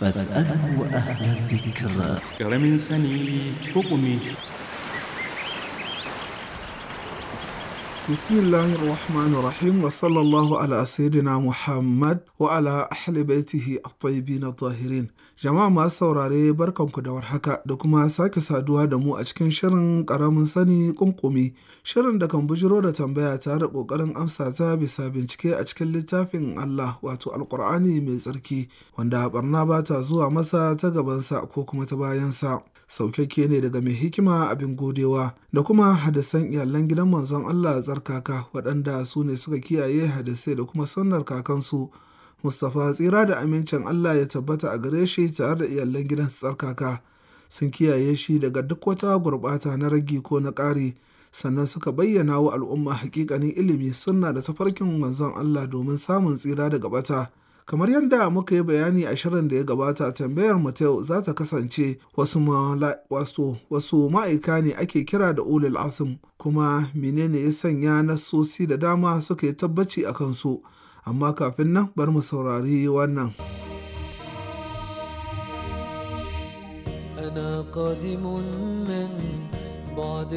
فاسأله أهل الذكر كرم سني حكمه bismillahir rahmanir rahim wa sallallahu ala sayyidina muhammad wa ala ahli baitihi at-tayyibin tahirin jama'a masu saurare barkanku da warhaka da kuma sake saduwa da mu a cikin shirin karamin sani kunkumi shirin da kan bujiro da tambaya tare da kokarin amsa ta bisa bincike a cikin littafin Allah wato Al-Qur'ani mai tsarki wanda barna ba ta zuwa masa ta gabansa ko kuma ta bayansa saukakke ne daga mai hikima abin godewa da kuma hadasan iyalan gidan manzon Allah ma'anar kaka waɗanda su ne suka kiyaye hadisai da kuma sunnar kakansu mustapha tsira da amincin allah ya tabbata a gare shi tare da iyalan gidan tsarkaka sun kiyaye shi daga duk wata gurɓata na ragi ko na ƙari sannan suka bayyana wa al'umma hakikanin ilimi sunna da tafarkin manzon allah domin samun tsira daga bata kamar yadda muka yi bayani a shirin da ya gabata tambayar mu za ta kasance wasu ma'aika ne ake kira da ulil asim kuma menene ya sanya nasosi da dama suka yi tabbaci a kansu amma kafin nan bar mu saurari wannan أنا بعد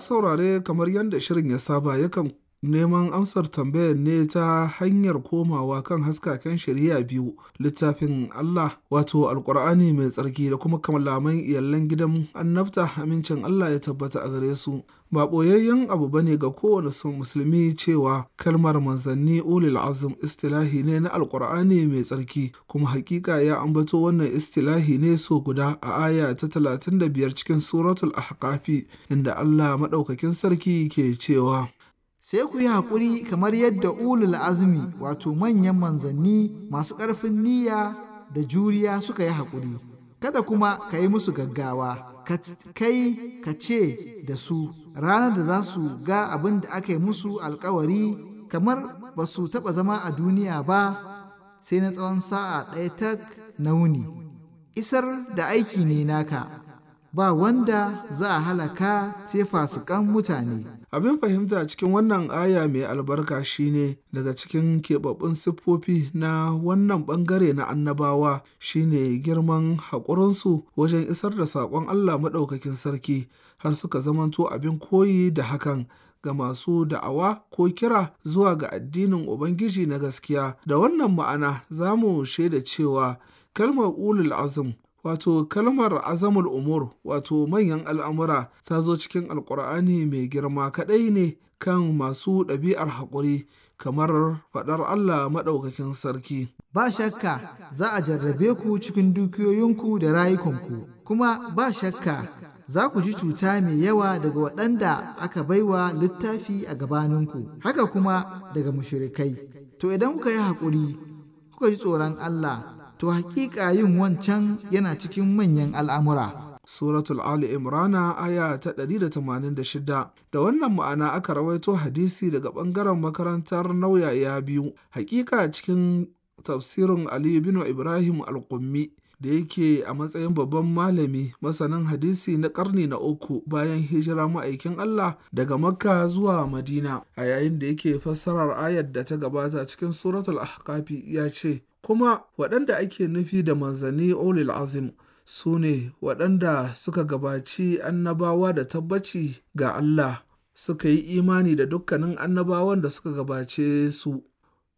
saurare kamar yadda shirin ya saba yakan Neman amsar tambayar ne ta hanyar komawa kan haskaken shari'a biyu, littafin Allah wato Alƙur'ani mai tsarki da kuma kamalaman iyalan gidan annabta amincin Allah ya tabbata a gare su. Ba ɓoyayyen abu bane ga kowane son musulmi cewa kalmar manzanni ulil azum istilahi ne na alkur'ani mai tsarki kuma hakika ya ambato wannan istilahi ne so guda a aya ta talatin da biyar cikin suratul ahqafi inda Allah maɗaukakin sarki ke cewa sai ku yi haƙuri kamar yadda ulul azumi wato manyan manzanni masu ƙarfin niyya da juriya suka yi haƙuri kada kuma ka yi musu gaggawa kai ka ce da su ranar da za su ga abin da aka yi musu alkawari kamar ba su taɓa zama a duniya ba sai na tsawon sa'a ɗaya tak na wuni isar da aiki ne naka ba wanda za a halaka sai fasikan mutane. Abin fahimta cikin wannan aya mai albarka shine daga cikin keɓaɓɓun siffofi na wannan ɓangare na annabawa shine girman haƙurinsu wajen isar da saƙon Allah maɗaukakin sarki har suka zamanto abin koyi da hakan. ga masu da'awa ko kira zuwa ga addinin Ubangiji na gaskiya. Da wannan ma'ana za mu shaida cewa kalmar ulul azum wato kalmar azamul umur wato manyan al'amura ta zo cikin alkur'ani mai girma kaɗai ne kan masu ɗabi'ar haƙuri kamar faɗar Allah maɗaukakin sarki. Ba shakka za a jarrabe ku cikin dukiyoyinku da rayukanku, kuma ba shakka za ku ji cuta mai yawa daga waɗanda aka baiwa littafi a gabaninku, haka kuma daga mushirikai. To idan kuka yi haƙuri, kuka ji tsoron Allah, to hakika yin wancan yana cikin manyan al'amura. Suratul Ali Imrana aya ta ɗari da tamanin da da shida, wannan ma'ana aka rawaito hadisi daga ɓangaren makarantar nauyaya biyu hakika cikin tafsirin Ali bin Ibrahim al-Qummi da yake a matsayin babban malami masanin hadisi na ƙarni na uku bayan hijira ma'aikin Allah daga Makka zuwa Madina a yayin da yake fassarar ayar da ta gabata cikin suratul ahkafi ya ce kuma waɗanda ake nufi da manzani' ulil azim su ne waɗanda suka gabaci annabawa da tabbaci ga Allah suka yi imani da dukkanin annabawan da suka gabace su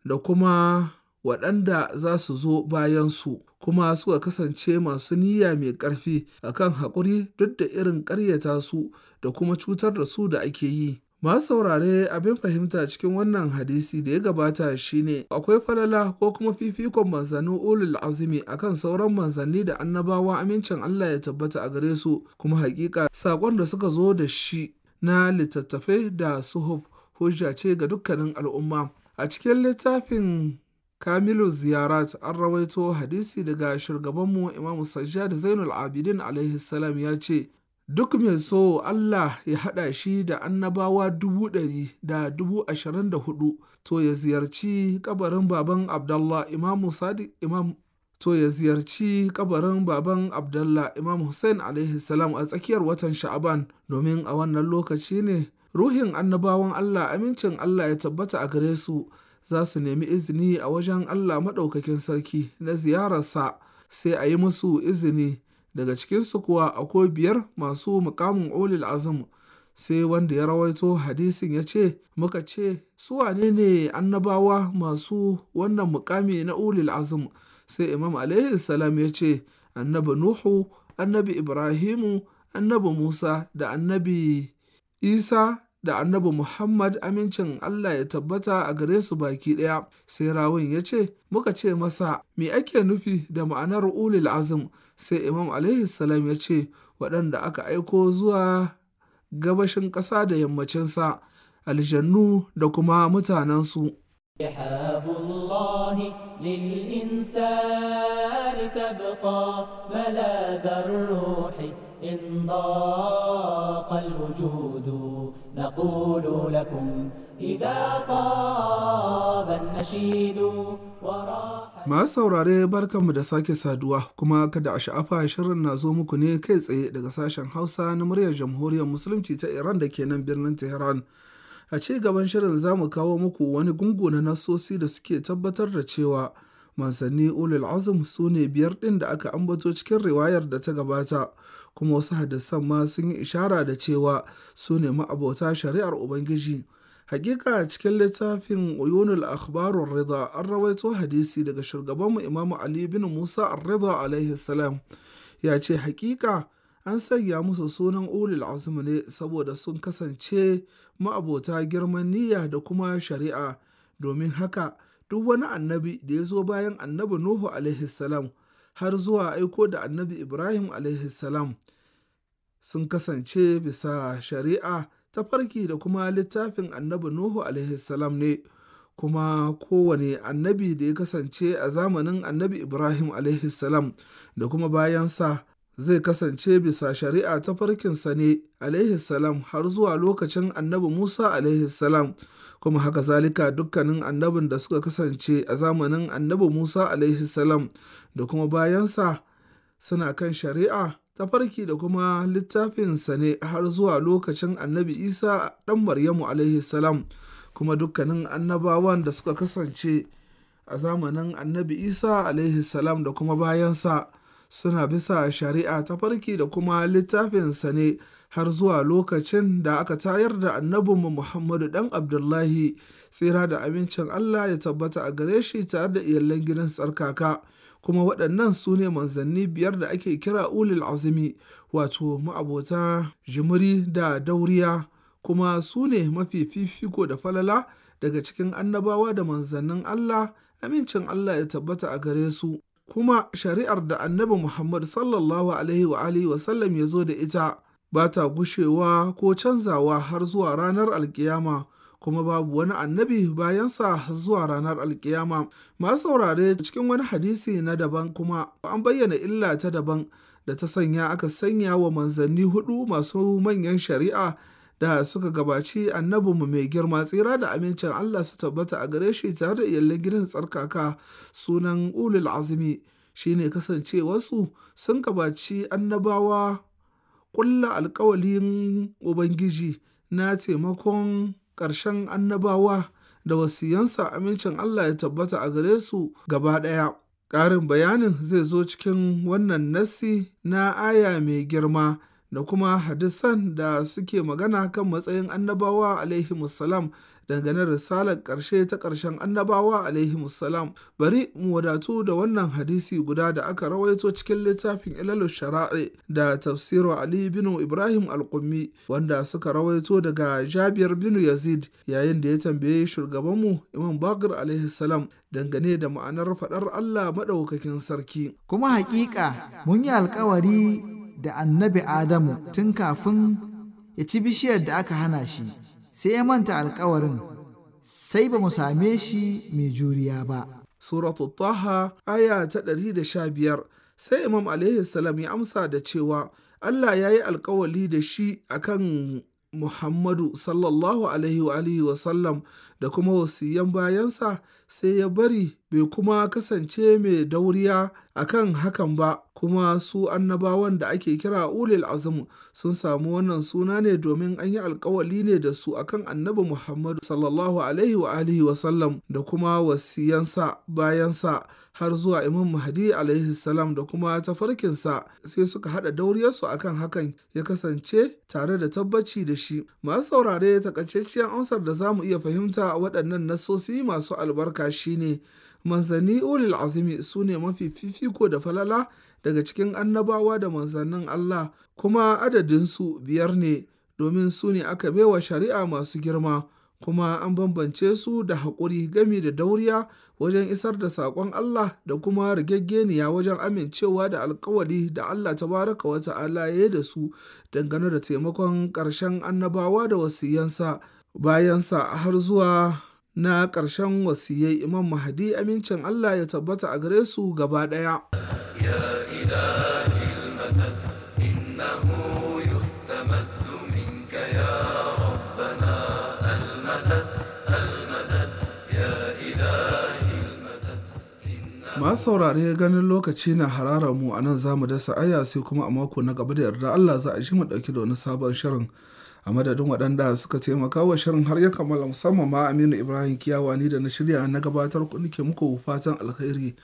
da kuma waɗanda za su zo bayan su kuma suka kasance masu niyya mai ƙarfi A kan haƙuri duk da irin ƙaryata su da kuma cutar da su da ake yi. Masu saurare abin fahimta cikin wannan hadisi da ya gabata shine akwai falala ko kuma fifikon manzannin ulul azumi akan sauran manzanni da annabawa amincin Allah ya tabbata a gare su kuma hakika saƙon da suka zo da shi na littattafai da suhuf hujja ce ga dukkanin al'umma a cikin littafin Kamilu Ziyarat an rawaito hadisi daga shugabanmu Imam Sajjad Zainul Abidin a.s. ya ce, Duk mai so Allah ya hada shi da annabawa dubu ɗari da dubu ashirin da hudu to ya ziyarci kabarin baban abdallah Imam Sadiq Imam to ya ziyarci kabarin baban abdallah Imam Hussein alaihi a tsakiyar watan Sha'aban domin a wannan lokaci ne ruhin annabawan Allah amincin Allah ya tabbata a gare su za su nemi izini a wajen Allah maɗaukakin sarki na ziyararsa sai a yi musu izini daga cikinsu kuwa akwai biyar masu mukamin olil azum sai wanda ya rawaito hadisin ya ce muka ce su wane ne annabawa masu wannan mukami na ulil azum sai imam alaihi salam ya ce annabi nuhu annabi ibrahimu annabi musa da annabi isa da annabi Muhammad amincin Allah ya tabbata a gare su baki ɗaya. Sai rawun ya ce, Muka ce masa, me ake nufi da ma'anar ulil azim? Sai Imam alaihi salam ya ce, waɗanda aka aiko zuwa gabashin ƙasa da yammacinsa, aljannu da kuma mutanensu. إن ضاق الوجود نقول لكم إذا طاب النشيد ma saurare barkanmu da sake saduwa kuma kada a sha'afa shirin na zo muku ne kai tsaye daga sashen Hausa na muryar Jamhuriyar Musulunci ta Iran da ke nan birnin Tehran. A ci gaban shirin za mu kawo muku wani gungu na nasosi da suke tabbatar da cewa mansanni ulul azum su ne biyar ɗin da aka ambato cikin riwayar da ta gabata kuma wasu hadisan ma sun yi ishara da cewa su ne ma'abota shari'ar Ubangiji. Hakika cikin littafin Uyunul Akhbarun Rida an rawaito hadisi daga shugabanmu Imam Ali bin Musa Ar-Rida alaihi salam ya ce hakika an sanya musu sunan ulil azumi ne saboda sun kasance ma'abota girman niyya da kuma shari'a domin haka duk wani annabi da ya zo bayan annabi Nuhu alaihi salam har zuwa aiko da annabi Ibrahim salam sun kasance bisa shari'a ta farki da kuma littafin annabi Nuhu salam ne, kuma kowane annabi da ya kasance a zamanin annabi Ibrahim salam da kuma bayansa zai kasance bisa shari'a ta farkinsa ne alaihi salam har zuwa lokacin annabi Musa alaihi salam kuma haka zalika dukkanin annabin da suka kasance a zamanin annabi Musa alaihi salam da kuma bayansa suna kan shari'a ta farki da kuma littafinsa ne har zuwa lokacin annabi Isa ɗan Maryamu alaihi salam kuma dukkanin annabawan da suka kasance a zamanin annabi Isa salam da kuma bayansa suna bisa shari'a ta farki da kuma littafinsa ne har zuwa lokacin da aka tayar da annabinmu Muhammadu ɗan Abdullahi tsira da amincin Allah ya tabbata a gare shi tare da iyalan gidan tsarkaka kuma waɗannan su ne manzanni biyar da ake kira ulil azumi wato ma'abota jimiri da dauriya kuma su ne mafi fifiko da falala daga cikin annabawa da manzannin Allah amincin Allah ya tabbata a gare su kuma shari'ar da annabi Muhammad sallallahu alaihi wa wasallam ya zo da ita ba ta gushewa ko canzawa har zuwa ranar alkiyama kuma babu wani annabi bayansa zuwa ranar alkiyama masu saurare cikin wani hadisi na daban kuma an bayyana illa ta daban da ta sanya aka sanya wa manzanni hudu masu manyan shari'a da suka gabaci annabinmu mai girma tsira da amincin Allah su tabbata a gare shi tare da iyalin gidan tsarkaka sunan ulul azumi shine wasu sun gabaci annabawa ƙulla alkawalin ubangiji na taimakon ƙarshen annabawa da wasiyansa amincin Allah ya tabbata a gare su gaba ɗaya. Ƙarin bayanin zai zo cikin wannan nassi na aya mai girma da kuma hadisan da suke magana kan matsayin annabawa alaihimussalam dangane risalar ƙarshe ta ƙarshen annabawa alaihimussalam bari mu wadatu da wannan hadisi guda da aka rawaito cikin littafin ilalu shara'i da tafsiru ali bin ibrahim alƙummi wanda suka rawaito daga jabiyar bin yazid yayin da ya tambaye shugabanmu imam bakir alaihissalam dangane da ma'anar faɗar allah maɗaukakin sarki kuma haƙiƙa mun yi alƙawari da annabi Adamu tun kafin ya ci bishiyar da aka hana shi, sai ya manta alkawarin, sai ba mu same shi mai juriya ba. Suratu Taha aya ta ɗari da sha biyar, sai Imam alaihi salam ya amsa da cewa Allah ya yi alkawali da shi akan Muhammadu sallallahu alaihi wa sallam da kuma wasiyan bayansa sai ya bari bai kuma kasance mai dauriya a kan hakan ba kuma su annabawan da ake kira ulil azm sun samu wannan suna ne domin an yi alkawali ne da su akan annabi muhammadu sallallahu alaihi wa alihi wa sallam da kuma wasiyansa bayansa har zuwa imam mahdi alaihi salam da kuma tafarkinsa sai suka haɗa dauriyarsu akan hakan ya kasance tare da tabbaci da shi masu saurare takaitacciyar amsar da za mu iya fahimta waɗannan nasosi masu albarka haka shine manzanni ulil azumi su ne mafi fifiko da falala daga cikin annabawa da manzannin Allah kuma adadinsu biyar ne domin su ne aka baiwa shari'a masu girma kuma an bambance su da haƙuri gami da dauriya wajen isar da saƙon Allah da kuma rigaggeniya wajen amincewa da alkawari da Allah ta baraka wata alaye da su dangane da taimakon ƙarshen annabawa da wasiyansa bayansa har zuwa na ƙarshen wasiyai Imam Mahdi amincin Allah ya tabbata a gare su gaba ɗaya. masu saurare ganin lokaci na harara mu a nan za mu dasa aya sai kuma a mako na gaba da yarda Allah za a shi mu ɗauki da wani sabon shirin. a madadin waɗanda suka taimaka wa shirin har ya kammala musamman ma aminu ibrahim kiyawa ni da na shirya na gabatar ku nake muku fatan alkhairi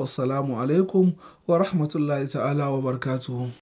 wassalamu alaikum wa rahmatullahi ta'ala wa barkatu.